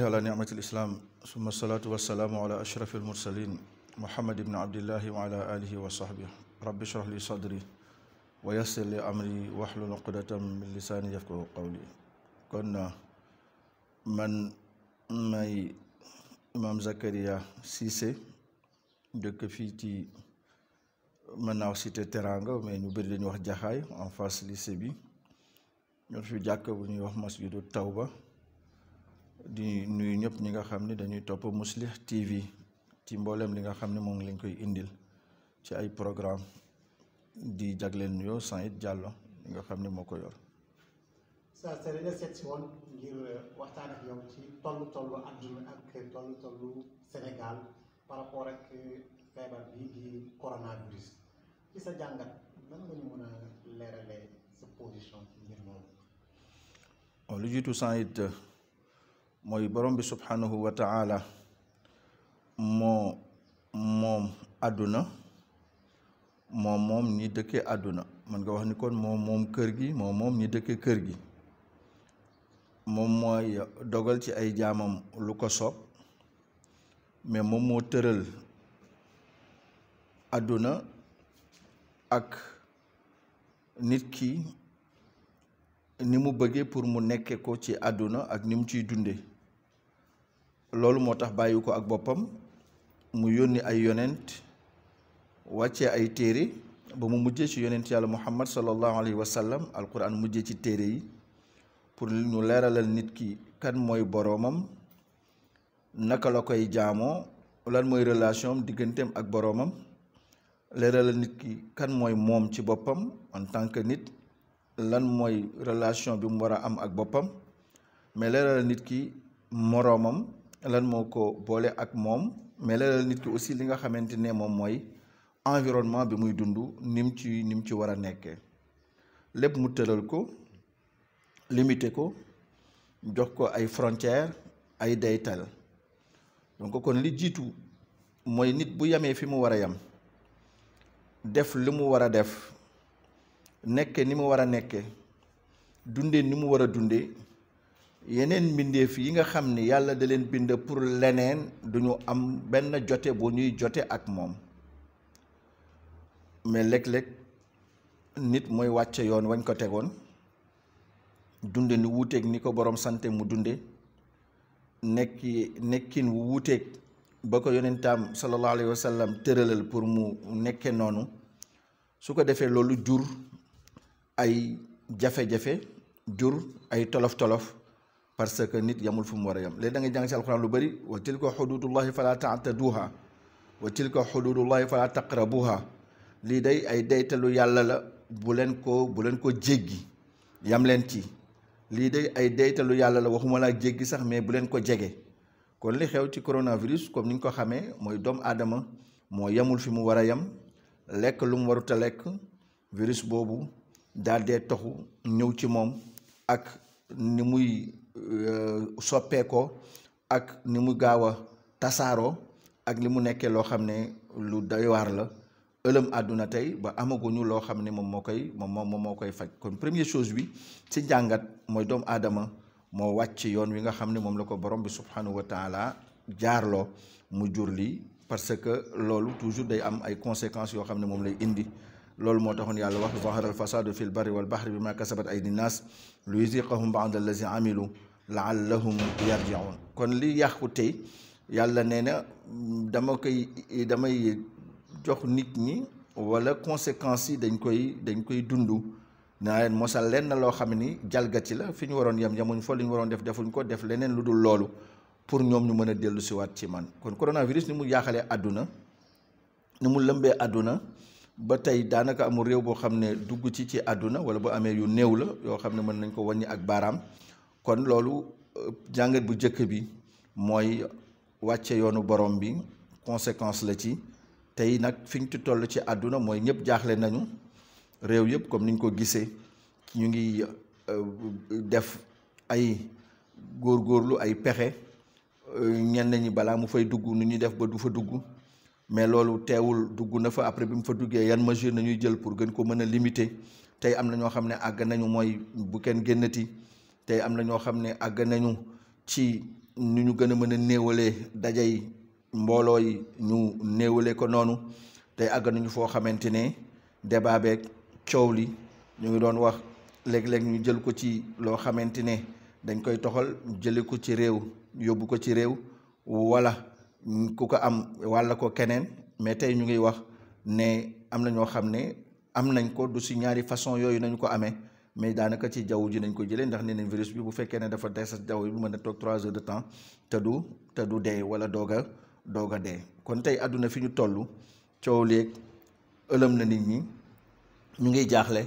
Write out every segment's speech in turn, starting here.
alhamdulillahi ala nicmati lislaam summa salaatu wassalaamu ala ashrafi almursalin muhammad ibni abdillahi wa ala alihi wa sahbi rabbi shrah li sadri wa yassir li amri wahlul uqdatam min lisaani yafqahu qawli kon man may imaam Zakaria Cissé dëkk fii ci mën naa wax cité Teranga mais ñu bëri dañuy wax jaxaay en face lycée bi ñoo fi jàkk bu ñuy wax masjidu tawba di nuyu ñëpp ñi nga xam ni dañuy topp Mouslih TV ci mbooleem li nga xam ne moom lañ koy indil ci ay programme di jagleel nuyoo Saïd Diallo li nga xam ne moo ko yor. saa sa la seet si woon ngir euh, waxtaan ak yow ci tollu tollu àdduna ak tollu tollu Sénégal par rapport ak euh, feebar bii di coronavirus ci sa jàngat nan nga ñu mën a leeralee sa position ci mbir moomu. lu jiitu Saïd. mooy borom bi subhanahu wa ta'ala moo moom àdduna moo moom ñi dëkkee àdduna mën nga wax ni kon moo moom kër gi moom moom ñi dëkkee kër gi moom mooy dogal ci ay jaamam lu ko soob mais moom moo tëral àdduna ak nit ki ni mu bëggee pour mu nekkee ko ci àdduna ak ni mu ciy dunde loolu moo tax bàyyi ko ak boppam mu yónni ay yonent wàccee ay téere ba mu mujjee ci yonent yàlla muhammad sallallahu alayhi wa sallam alquran mujjee ci téere yi pour ñu leeralal nit ki kan mooy boroomam naka la koy jaamoo lan mooy relation am digganteem ak boroomam leeralal nit ki kan mooy moom ci boppam en tant que nit lan mooy relation bi mu war a am ak boppam mais leeral nit ki moroomam lan moo ko boole ak moom mais leeral nit ki aussi li nga xamante ne moom mooy environnement bi muy dundu ni ci ni ci war a nekkee lépp mu tëlal ko limité ko jox ko ay frontières ay daytal donc kon li jiitu mooy nit bu yamee fi mu war a yam def li mu war a def nekke ni mu war a nekke dunde ni mu war a dunde yeneen mbindeef yi nga xam ni yàlla da leen bind pour leneen duñu am benn jote bu ñuy jotee ak moom mais léeg-léeg nit mooy wàcce yoon wañ ko tegoon dunde ni wuuteeg ni ko boroom sante mu dunde nekki nekkin wu wuuteeg ba ko yonentaam sallallahu alayhi wa sallam pour mu nekke noonu su ko defee loolu jur ay jafe-jafe jur ay tolof-tolof parce que nit yamul fu mu war a yam léegi da ngay jàng ci alxuraan lu bëri wa tilka xududullahi fala taataduha wa tilka xududullahi fala taqrabuha lii day ay deytalu yàlla la bu leen ko bu leen ko jéggi yam leen ci lii day ay deytalu yàlla la waxuma laa jéggi sax mais bu leen ko jege kon li xew ci coronavirus comme ni ñu ko xamee mooy doomu aadama moo yamul fi mu war a yam lekk lu mu warut lekk virus boobu daal dee toxu ñëw ci moom ak ni muy euh, soppeekoo ak ni mu gaaw a tasaaroo ak li mu nekkee loo xam ne lu day waar la ëlëm àdduna tey ba amaguñu loo xam ne moom moo koy moom moom moo koy faj kon premier chose bi ci njàngat mooy doom aadama moo wàcc yoon wi nga xam ne moom la ko borom bi subhanahu wa taala jaarloo mu jur lii parce que loolu toujours day am ay conséquences yoo xam ne moom lay indi loolu moo taxoon yàlla wax zahara al fasadu fi l barri wal bahri bima kasabat aydi naas lu yuziqahum ba'da allazi amilu laallahum yarjiun kon li yàqu tey yàlla nee na dama koy damay jox nit ñi wala conséquences yi dañ koy dañ koy dund naa leen mosal lenn loo xam ni jalgati la fi ñu waroon yem yemuñ foo li ñu waroon def defuñ ko def leneen lu dul loolu pour ñoom ñu mën a dellu siwaat ci man kon coronavirus ni mu yaaxalee àdduna ni mu lëmbee àdduna ba tey daanaka amul réew boo xam ne dugg ci ci àdduna wala bu amee yu néew la yoo xam ne mën nañ ko wàññi ak baaraam kon loolu euh, jàngat bu njëkk bi mooy wàcce yoonu borom bi conséquence la ci tey nag fi ñu ci toll ci àdduna mooy ñëpp jaaxle nañu réew yëpp comme niñ ko gisee ñu ngi euh, def ay góorgóorlu ay pexe euh, ñenn ñi balaa mu fay dugg nu ñuy def ba du fa dugg mais loolu teewul dugg na fa après bi mu fa duggee yan mesure nañuy jël pour gën ko mën a limiter tey am na ñoo xam ne àgg nañu mooy bu kenn génnati tey am na ñoo xam ne àgg nañu ci nu ñu gën a mën a néewalee dajay mbooloo yi ñu néewalee ko noonu tey àgg nañu foo xamante ne débat beeg coow li ñu ngi doon wax léeg-léeg ñu jël ko ci loo xamante ne dañ koy toxal jëlee ko ci réew yóbbu ko ci réew wala ku ko am wàlla ko keneen mais tey ñu ngi wax ne am na ñoo xam ne am nañ ko du si ñaari façon yooyu nañu ko amee mais daanaka ci jaww ji nañ ko jëlee ndax ne nañ virus bi bu fekkee ne dafa des jaww ji bu mën a toog trois heures de temps te du te du dee wala doog a doog a dee kon tey àdduna fi ñu toll coow léeg ëlëm na nit ñi ñu ngi jaaxle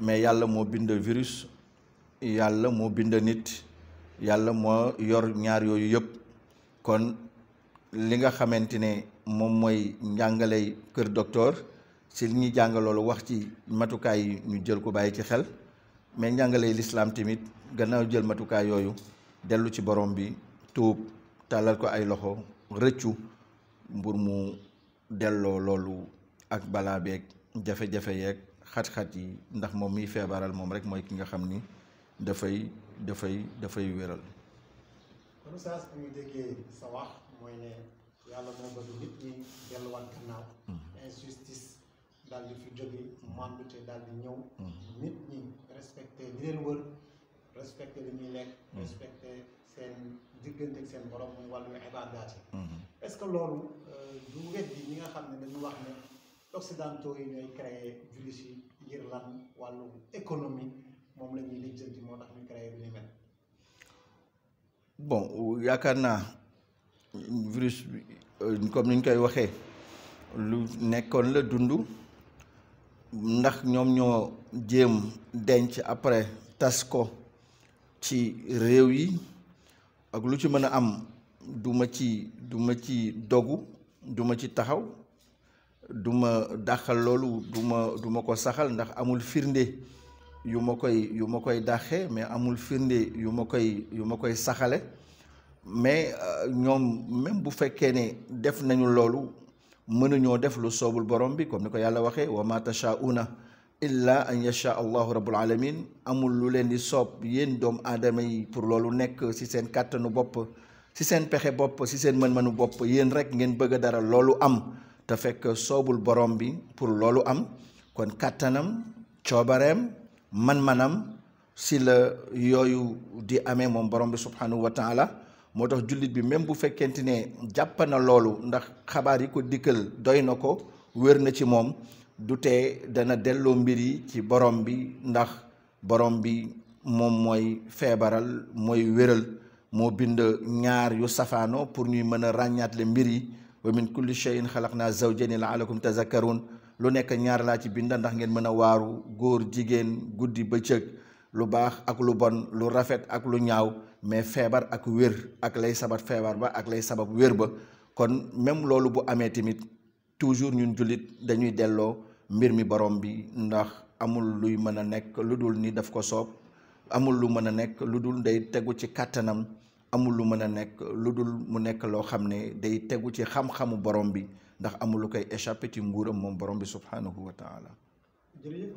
mais yàlla moo bind virus yàlla moo bind nit yàlla moo yor ñaar yooyu yëpp kon li nga xamante ne moom mooy njàngaley kër docteur si li ñuy jàng loolu wax ci matukaay yi ñu jël ko bàyyi ci xel mais njàngaley lislaam tamit gannaaw jël matukaay yooyu dellu ci borom bi tuub tàllal ko ay loxo rëccu mbur mu delloo loolu ak balaa beeg jafe-jafe yeeg xat-xat yi ndax moom miy feebaral moom rek mooy ki nga xam ni dafay dafay dafay wéral. mooy ne yàlla moo bëgg nit ñi delluwaat gannaaw mm. injustice daal di fi jóge mandute daal di ñëw mm. nit ñi respecté li leen wër respecté li ñuy lekk mm. respecté seen diggante ak seen borom muy wàllu ibaadaat yi mm-hmm. est-ce que loolu euh, du wet ñi nga xam ne dañu wax ne occidentaux yi ñooy créé virus yi ngir lan wàllu économie moom la ñuy lijjanti moo tax ñu créé bi ñu mel bon yaakaar naa virus bi euh, comme ni ñu koy waxee lu nekkoon la dund ndax ñoom ñoo jéem denc après tas ko ci réew yi ak lu ci mën a am duma ci duma ci dogu duma ci taxaw duma dàqal loolu duma duma ko saxal ndax amul firnde yu ma koy yu ma koy dàqee mais amul firnde yu ma koy yu ma koy saxale mais euh, ñoom même bu fekkee ne def nañu loolu mënuñoo def lu soobul borom bi comme ni ko yàlla waxee wa ma tashauna illa an yasha allahu rabbul alamin amul lu leen di soob yéen doomu aadama yi pour loolu nekk ci seen kàttanu bopp ci seen pexe bopp ci seen mën-mënu bopp yéen rek ngeen bëgg dara loolu am te fekk soobul borom bi pour loolu am kon kàttanam coobareem man-manam si la yooyu di amee moom borom bi subhanahu wa taala moo tax jullit bi même bu fekkente ne jàpp na loolu ndax xabaar yi ko dikkal doy na ko wér na ci moom dute dana delloo mbir yi ci borom bi ndax borom bi moom mooy feebaral mooy wéral moo bind ñaar yu safaano pour ñuy mën a ràññaatle mbir yi wa min kulli shay'in xalaqna zawjayni la'allakum tazakkarun lu nekk ñaar laa ci bind ndax ngeen mën a waaru góor jigéen guddi ba bëccëg lu baax ak lu bon lu rafet ak lu ñaaw mais feebar ak wér ak lay sabat feebar ba ak lay sabab wér ba kon même loolu bu amee tamit toujours ñun jullit dañuy delloo mbir mi borom bi ndax amul luy mën a nekk lu dul ni daf ko soob amul lu mën a nekk lu dul day tegu ci kàttanam amul lu mën a nekk lu dul mu nekk loo xam ne day tegu ci xam-xamu borom bi ndax amul lu koy échappé ci nguuram moom borom bi subhanahu wa taala. jërëjëf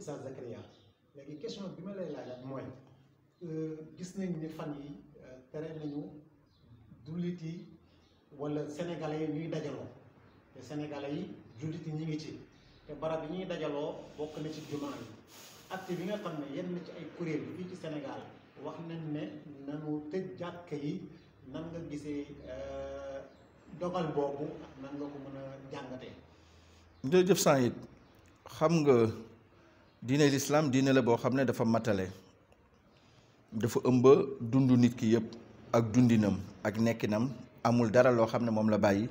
léegi question bi ma lay laajaat mooy euh, gis nañ ni fan yi euh, tere nañu jullit yi wala sénégalais yi ñuy dajaloo te sénégalais yi jullit yi ñu ngi ci te barab yi ñuy dajaloo bokk na ci jumaa yi acte bi nga xam ne yenn ci ay kuréel yi fii ci Sénégal wax nañ ne nanu tëj jàkk yi nan nga gisee euh, dogal boobu ak nan nga ko mën a jàngatee. jërëjëf sant it xam nga. diine lislaam diine la boo xam ne dafa matale dafa ëmb dundu nit ki yëpp ak dundinam ak nekkinam amul dara loo xam ne moom la bàyyi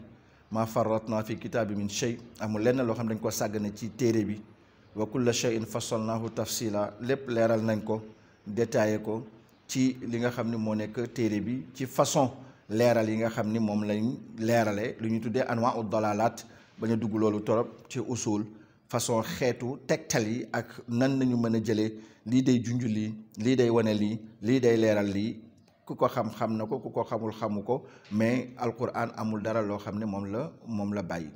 ma farratna fi kitaabi min shay amul lenn loo xam ne dañ ko sàggane ci téere bi la wa kulla shay'in fassalnahu tafsila lépp leeral nañ ko détaillé ko ci li nga xam ne moo nekk téere bi ci façon leeral yi nga xam ni moom lañ leerale lu ñu tuddee anwaa'u dalaalaat bañ a dugg loolu torop ci usul façon xeetu tegtal yi ak nan nañu mën a jëlee lii day junju lii lii day wane lii lii day leeral lii ku ko xam-xam na ko ku ko xamul xamu ko mais alquran amul dara loo xam ne moom la moom la bàyyi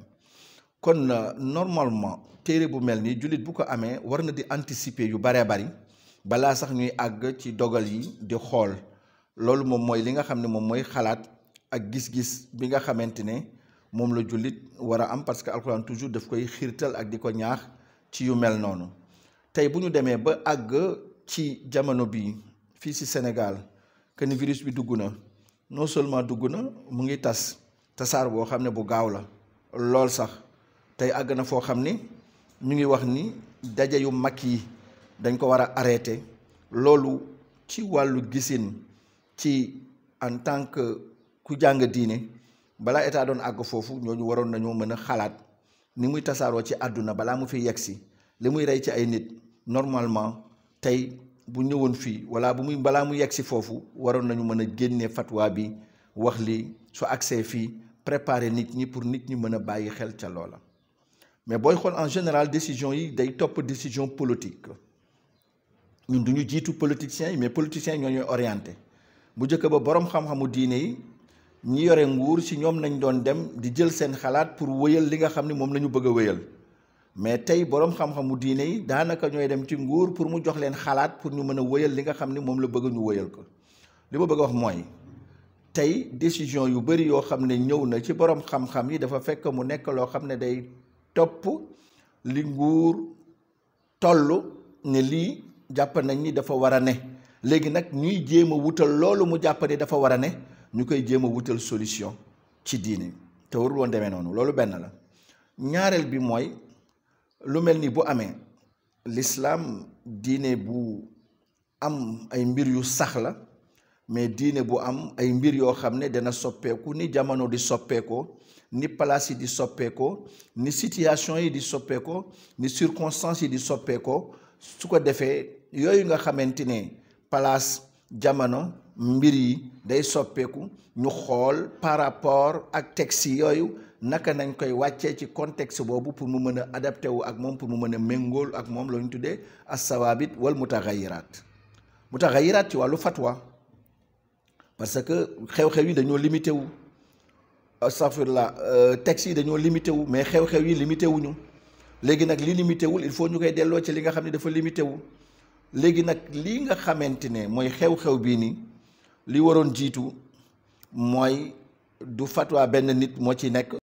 kon euh, normalement téere bu mel nii jullit bu ko amee war na di anticiper yu baree bari balaa sax ñuy àgg ci dogal yi di xool loolu moom mooy li nga xam ne moom mooy xalaat ak gis-gis bi nga xamante ne moom la jullit war a am parce que alxuraan toujours daf koy xiirtal ak di ko ñaax ci yu mel noonu tey bu ñu demee ba àgg ci jamono bi fii ci Sénégal que virus bi dugg na non seulement dugg na mu ngi tas tasaar boo xam ne bu gaaw la lool sax tey àgg na foo xam ne ñu ngi wax ni daje yu mag yi dañ ko war a arrêté loolu ci wàllu gisin ci en tant que ku jàng diine balaa état doon àgg foofu ñooñu waroon nañoo mën a xalaat ni muy tasaaroo ci àdduna balaa mu fi yegg si li muy rey ci ay nit normalement tey bu ñëwoon fii wala bu muy balaa mu yegg si foofu waroon nañu mën a génnee fatwa bi wax li su accès fii préparer nit ñi pour nit ñi mën a bàyyi xel ca loola. mais booy xool en général décision yi day topp décision politique ñun du ñu jiitu politique yi mais politiciens yi ñoo ñooy orienté bu njëkk ba borom xam-xamu ñi yore nguur ci ñoom nañ doon dem di jël seen xalaat pour wéyal li nga xam ni moom la ñu bëgg a wéyal mais tey boroom xam mu diine yi daanaka ñooy dem ci nguur pour mu jox leen xalaat pour ñu mën a wéyal li nga xam ni moom la bëgg ñu wéyal ko li ma bëgg wax mooy tey décision yu bari yoo xam ne ñëw na ci boroom xam-xam yi dafa fekk mu nekk loo xam ne day topp li nguur toll ne lii jàpp nañ ni dafa war a ne léegi nag ñuy jéem a wutal loolu mu jàpp dafa war a ne ñu koy jéem a wutal solution ci diini te warul woon demee noonu loolu benn la ñaareel bi mooy lu mel ni bu amee lislaam diine bu am ay mbir yu sax la mais diine bu am ay mbir yoo xam ne dana soppeeku ni jamono di soppeekoo ni palaas yi di soppeekoo ni situation yi di soppeekoo ni circonstances yi di soppeekoo su ko defee yooyu nga xamante ne palaas jamono mbir yi day soppeeku ñu xool par rapport ak texte yooyu naka nañ koy wàccee ci contexte boobu pour mu mën a adapté wu ak moom pour mu mën a méngool ak moom la ñu tuddee a assawaabit wal mutaxayiraat mutaxayiraat ci wàllu fatwa parce que xew-xew yi dañoo limité wu astafirlah euh, texte yi dañoo limité wu mais xew-xew yi limité wuñu léegi nag li limité wul il faut ñu koy delloo ci li nga xam ne dafa limité wu léegi nag lii nga xamante ne mooy xew-xew bii nii li waroon jiitu mooy du fatwa benn nit moo ci nekk